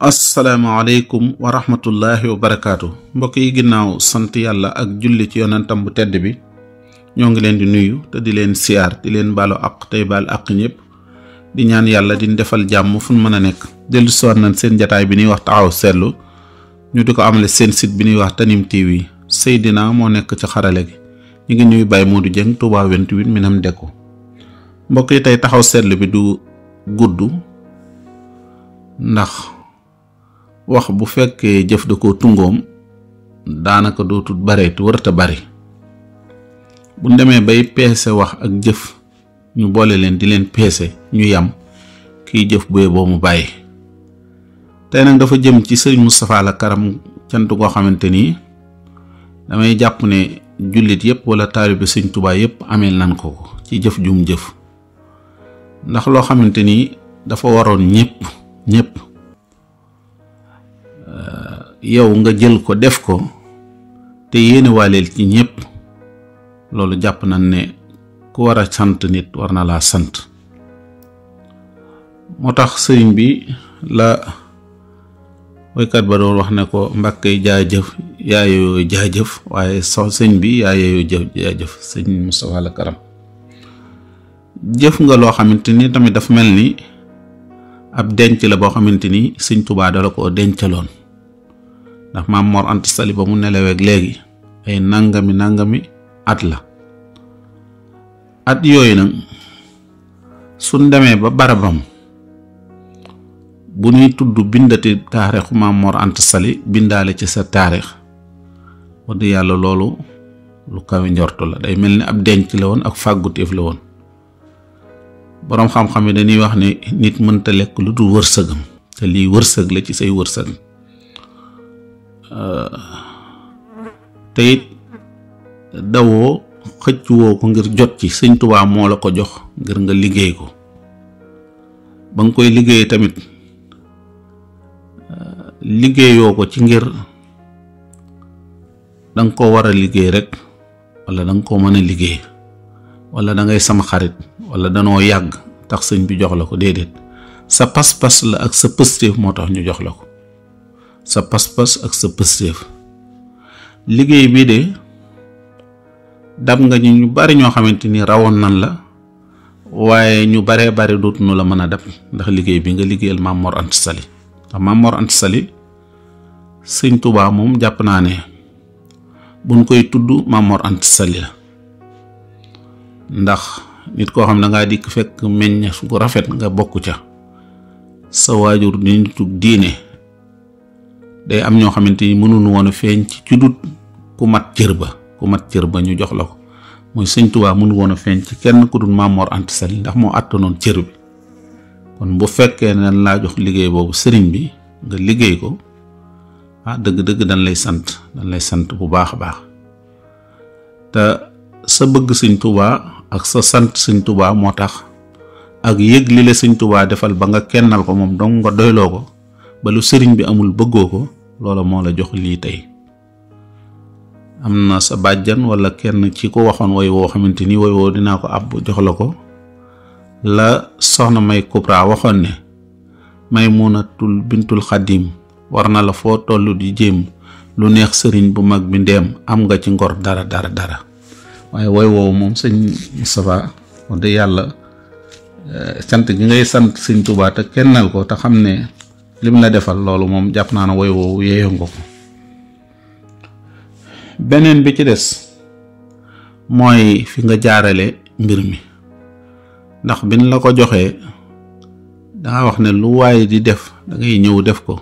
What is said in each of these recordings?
asalaamaaleykum wa rahmatullahi wa barakaatu mbokk yi ginnaaw sant yàlla ak julli ci yonentam bu tedd bi ñoo ngi leen di nuyu te di leen siyaar di leen baalu àq tey baal àq ñëpp di ñaan yàlla di defal jàmm fu mën a nekk dellu soor nañ seen jataay bi ñuy wax taxaw seetlu ñu di ko amale seen sit bi nuy wax Tanim TV Seydina moo nekk ci xarale gi ñu ngi ñuy Baye Modou Dieng Touba wit Minam Deco mbokk yi tey taxaw seetlu bi du gudd ndax wax bu fekkee jëf da koo tungoom daanaka dootul bareeti warata bari bu demee bay peese wax ak jëf ñu boole leen di leen peese ñu yam kiy jëf bu yeboo mu bàyyi tey nag dafa jëm ci sëriñ Moustapha la karam cant goo xamante nii damay jàpp ne jullit yépp wala taalibe sëñ Tuubaa yépp amee nan ko ci jëf jum jëf ndax loo xamante nii dafa waroon ñépp ñépp yow nga jël ko def ko te yéene waaleel ci ñépp loolu jàpp nañ ne ku war a sant nit war na laa sant moo tax sëñ bi la woykat ba doon wax ne ko mbàkkay jaajëf yaa yeyoo jaajëf waaye so sëñ bi yaa yeyoo jaajëf sëñ Moustapha karam jëf nga loo xamante ni tamit dafa mel ni ab denc la boo xamante ni sëñ Tuubaa dala koo dencaloon ndax maam Mor Anta Sali ba mu neleweeg léegi ay nangami nangami at la at yooyu nag suñ demee ba barabam bu ñuy tudd bindati taarixu maam Mor Anta Sali bindaale ci sa taarix wax dëgg yàlla loolu lu kawe njortu la day mel ni ab denc la woon ak fàgguteef la woon boroom xam-xam yi dañuy wax ne nit mënta lekk lu dul wërsëgam te lii wërsëg la ci say wërsëg te it dawoo xëccuwoo ko ngir jot ci sëñ tubaab moo la ko jox ngir nga liggéey ko ba nga koy liggéey tamit eh, liggéeyoo ko ci ngir danga ko war a liggéey rek walla danga ko mën a liggéey wala dangay sama xarit wala danoo yàgg tax sëñ bi jox la ko déedéet sa pas-pas la ak sa pëstéef moo tax ñu jox la ko sa pas-pas ak sa pëstéef liggéey bii de dab nga ñu ñu bari ñoo xamante ni rawoon nan la waaye ñu baree bari dootuñu la mën a dab ndax liggéey bi nga liggéeyal Maam Mor Sali ndax Maam Mor Sali sëñ Tuubaa moom jàpp naa ne buñ koy tudd Maam Mor Anta Sali la ndax nit koo xam ne dangaa dikk fekk meññ su rafet nga bokk ca sa waajur di nitug diine day am ñoo xamante ni mënuñu woon a feeñ ci ci ku mat cër ba ku mat cër ba ñu jox la ko mooy sëñ Tuubaa mënu woon a feeñ ci kenn ku dul Maamoor Anta Sali ndax moo àttanoon cër bi kon bu fekkee ne dañ laa jox liggéey boobu sëriñ bi nga liggéey ko ah dëgg dañ lay sant dañ lay sant bu baax a baax te sa bëgg sëñ tubaa ak sa sant sëñ tubaa moo tax ak yëg li la sëñ tubaa defal ba nga kennal ko moom dong nga doyloo ko ba lu sëriñ bi amul bëggoo ko loola moo la jox lii tey am na sa bàjjan walla kenn ci ko waxoon woy woo xamante ni woy woo dinaa ko àbb jox la ko la soxna may Kubra waxoon ne Maymunatul bintul Xadim war na la foo toll di jéem lu neex sëriñ bu mag bi ndem am nga ci ngor dara dara dara waaye woy moom sëñ Moustapha wax dëgg yàlla sant eh, gi ngay sant sëñ Tuubaa te kennal ko te xam ne lim la defal loolu moom jàpp naa ne woy woowu yeeyo nga ko beneen bi ci des mooy fi nga jaarale mbir mi ndax biñ la ko joxee danga wax ne lu waaye di def dangay ñëw def ko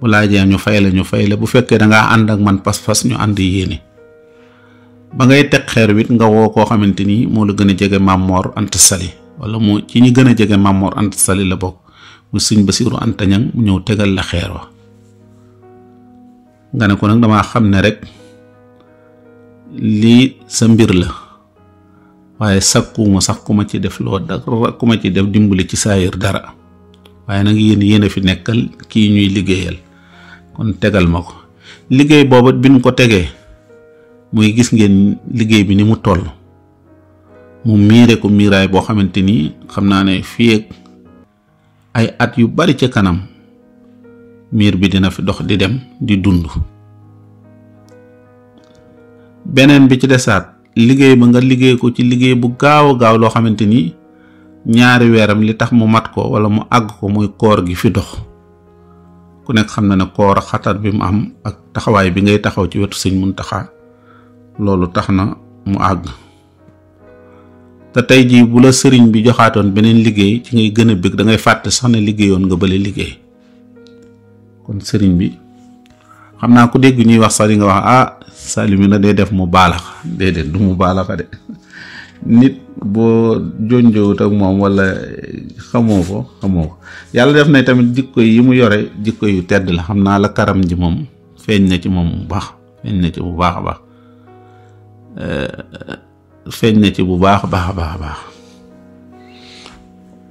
bu laajee ñu fay la ñu fay la bu fekkee dangaa ànd ak man pas-pas ñu ànd yéene ba ngay teg xeer wit nga woo koo xamante ni moo la gën a jege Mame ant Anta Sali wala moo ci ñi gën a jege Mame ant Sali la bokk bu sëñ Basiru Anta Ñaŋ mu ñëw tegal la xeer wa nga ne ko nag dama xam ne rek lii sa mbir la waaye sakkuuma sax ku ma ci def loo dara ku ma ci def dimbali ci saayir dara waaye nag yéen yéen a fi nekkal kii ñuy liggéeyal kon tegal ma ko liggéey booba bi ñu ko tegee muy gis ngeen liggéey bi ni mu toll mu miire ko miiraay boo xamante ni xam naa ne fii ay at yu bari ca kanam miir bi dina fi dox di dem di dund beneen bi ci desaat liggéey ba nga liggéey ko ci liggéey bu gaaw a gaaw loo xamante ni ñaari weeram li tax mu mat ko wala mu àgg ko muy koor gi fi dox ku nekk xam na ne koor xatar bi mu am ak taxawaay bi ngay taxaw ci wetu sëñ Muntaxa loolu tax na mu àgg te jii bu la sëriñ bi joxaatoon beneen liggéey ci ngay gën a bëgg dangay ngay fàtte sax ne liggéeyoon nga bële liggéey kon sëriñ bi xam naa ku dégg ñuy wax sax di nga wax ah Saliou mi na dee def mu baalax déedéet du mu baalaxa de nit boo jonjowut ak moom walla xamoo ko xamoo ko yàlla def na tamit jikko yi mu yore jikko yu tedd la xam naa la karam ji moom feeñ na ci moom bu baax feeñ na ci bu baax a baax euh, feeñ na ci bu baax baax baax baax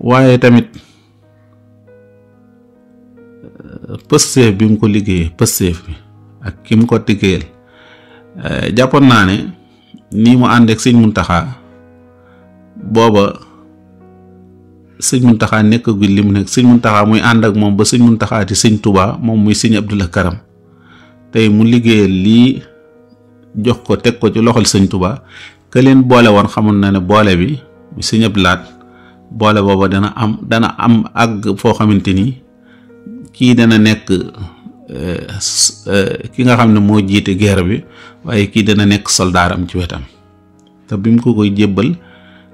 waaye tamit euh, pësteef bi mu ko liggéeyee pësteef bi ak ki mu ko liggéeyal euh, jàppoon naa ne nii mu ànd ak sëñ taxaa booba sëñ Muntaxa nekkagul li mu nekk sëñ Muntaxa muy ànd ak moom ba sëñ Muntaxa di sëñ Touba moom muy sëñ Abdoulah Karam tey mu liggéeyal lii jox ko teg ko ci loxol sëñ Touba que leen boole woon xamoon na ne boole bi si laat boole booba dana am dana am àgg foo xamante ni kii dana nekk eh, eh, ki nga xam ne moo jiite guerre bi waaye kii dana nekk soldaaram ci wetam te bi mu ko koy jébbal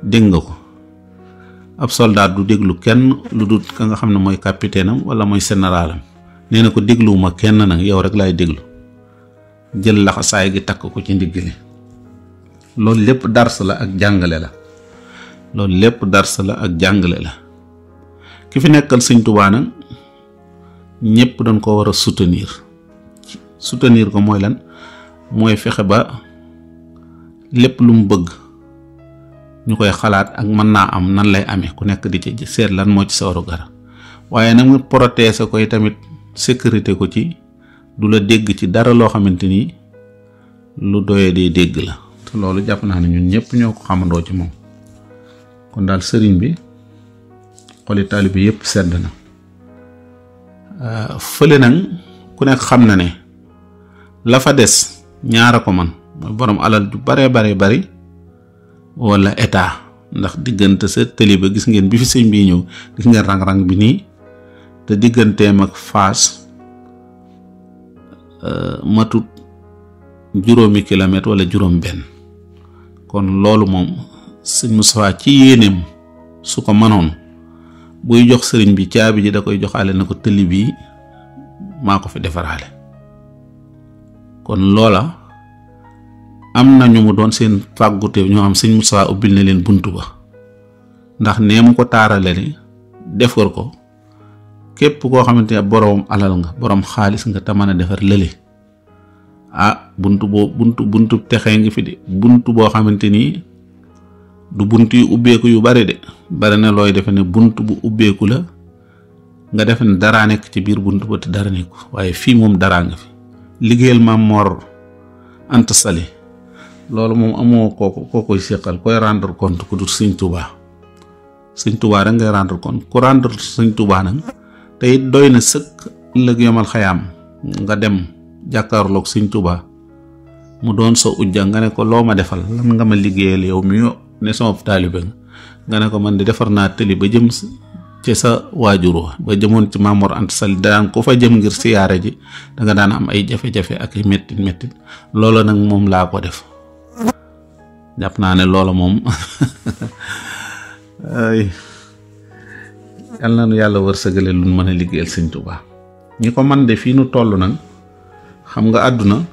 dégg nga ko ab soldaar du déglu kenn lu dul ka nga xam ne mooy capitaine am wala mooy généralam nee na ko dégluwuma kenn nag yow rek laay déglu jël laxasaay gi takk ko ci ndigg li loolu lépp dars la ak jàngale la loolu lépp dars la ak jàngale la ki fi nekkal sëñ Tuubaa nag ñëpp dañ ko war a soutenir soutenir ko mooy lan mooy fexe ba lépp lu mu bëgg ñu koy xalaat ak mën naa am nan lay amee ku nekk di ci seet lan moo ci sawaru gara waaye nag mu protéger koy tamit sécurité ko ci du la dégg ci dara loo xamante ni lu doyee dee dégg la loolu jàpp naa ne ñun ñëpp ñoo ko xamandoo ci moom kon daal sëriñ bi xoli taalibe yëpp sedd na euh, fële nag ku nekk xam na ne la fa des ñaara ko man mooy borom alal ju bare bare bari walla état ndax diggante sa taliba gis ngeen bi fi sëñ bii ñëw gis ngeen rang-rang bi nii te digganteem ak faas euh, matut juróomi kilomètre wala juróom benn kon loolu moom sëñ Moustapha ci yéeneem su ko manoon buy jox sëriñ bi caabi ji da koy joxaale na ko tëli bii maa ko fi defaraale kon loola am na ñu mu doon seen fàgguteef ñoo xam sëñ Moustapha ubbil na leen bunt ba ndax nee mu ko taarale ni defar ko képp koo xamante ne boroom alal nga boroom xaalis nga te mën a defar lële ah bunt boo bunt buntu texee nga fi de buntu boo xamante ni du bunt yu ubbeeku yu bari de bari na looy defe ne bunt bu ubbeeku la nga defe ne daraa nekk ci biir bunt ba te dara nekku waaye fii moom daraa nga fi liggéeyal maam Mor Anta Sali loolu moom amoo kooku kookoy séqal koy rendre compte ku du sëñ Tuubaa sëñ Tuubaa rek ngay rendre compte ku rendre sëñ Tuubaa nag te it doy na sëkk ëllëg yomal xayaam nga dem jàkkaarloog sëñ Tuubaa mu doon sa ujja nga ne ko loo ma defal lan nga ma liggéeyal yow mi ne sama taalibe nga ne ko man di defar naa tëli ba jëm ci sa waajur wa ba jëmoon ci Maamor Anta Sali daan ko fa jëm ngir siyaare ji danga daan am ay jafe-jafe ak i méttit méttit loola nag moom laa ko def jàpp naa ne loola moom ay yal na nu yàlla wërsëgale lu mën a liggéeyal Sëñ Tuubaa ñi ko man de fii nu toll nag xam nga àdduna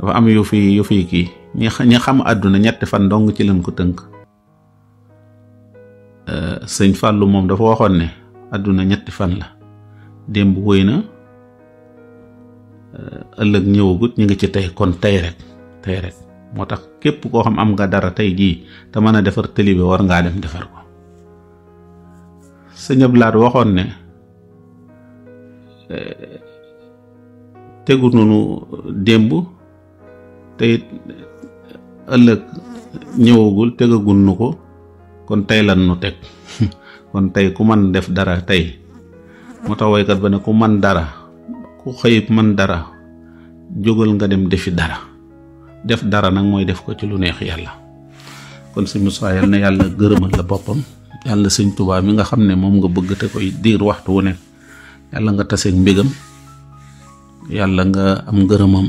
dafa am yu fi yu fi kii ñi xam àdduna ñetti fan dong ci lañ ko tënk euh, sëñ Fàllu moom dafa waxoon ne àdduna ñetti fan la démb wëy na euh, ëllëg ñëwagut ñu ngi ci tey kon tey rek moo tax képp koo xam am nga dara tey jii te mën a defar tëli bi war ngaa dem defar ko sëñ Abdu Lahat waxoon ne euh, tegu nunu démb te ëllëg ñëwagul tegagul nu ko kon tey lan nu teg kon tey ku man def dara tey moo tax woykat ba ne ku man dara ku xëyib man dara jógal nga dem defi dara def dara nag mooy def ko ci lu neex yàlla kon si Moussa yal na yàlla gërëmal la boppam yàlla sëñ Tuubaa mi nga xam ne moom nga bëgg te koy diir waxtu wu ne yàlla nga taseeg mbégam yàlla nga am ngërëmam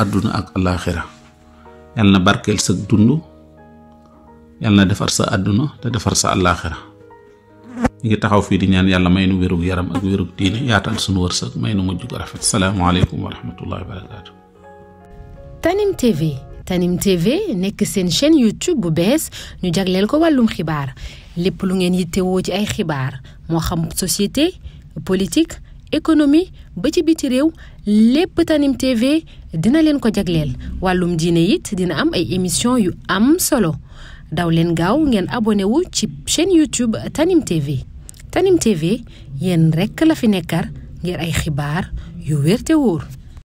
àdduna ak alaaxira yàlla na barkeel sa dund yàlla na defar sa àdduna te defar sa alaaxira ñu ngi taxaw fii di ñaan yàlla may nu wérug yaram ak wérug diine yaatal sunu wërsëg may nu mujj ko rafet salaamualeykum wa rahmatullahi barakaatu. Tanim TV Tanim TV nekk seen chaîne YouTube bu bees ñu jagleel ko wàllum xibaar lépp lu ngeen yittewoo ci ay xibaar moo xam société politik économie ba ci biti réew lépp Tanim dina leen ko jagleel wàllum diine it dina am ay émission yu am solo daw leen gaaw ngeen abonné wu ci chaîne YouTube Tanim TV Tanim TV yéen rekk la fi nekkar ngir ay xibaar yu wér te wóor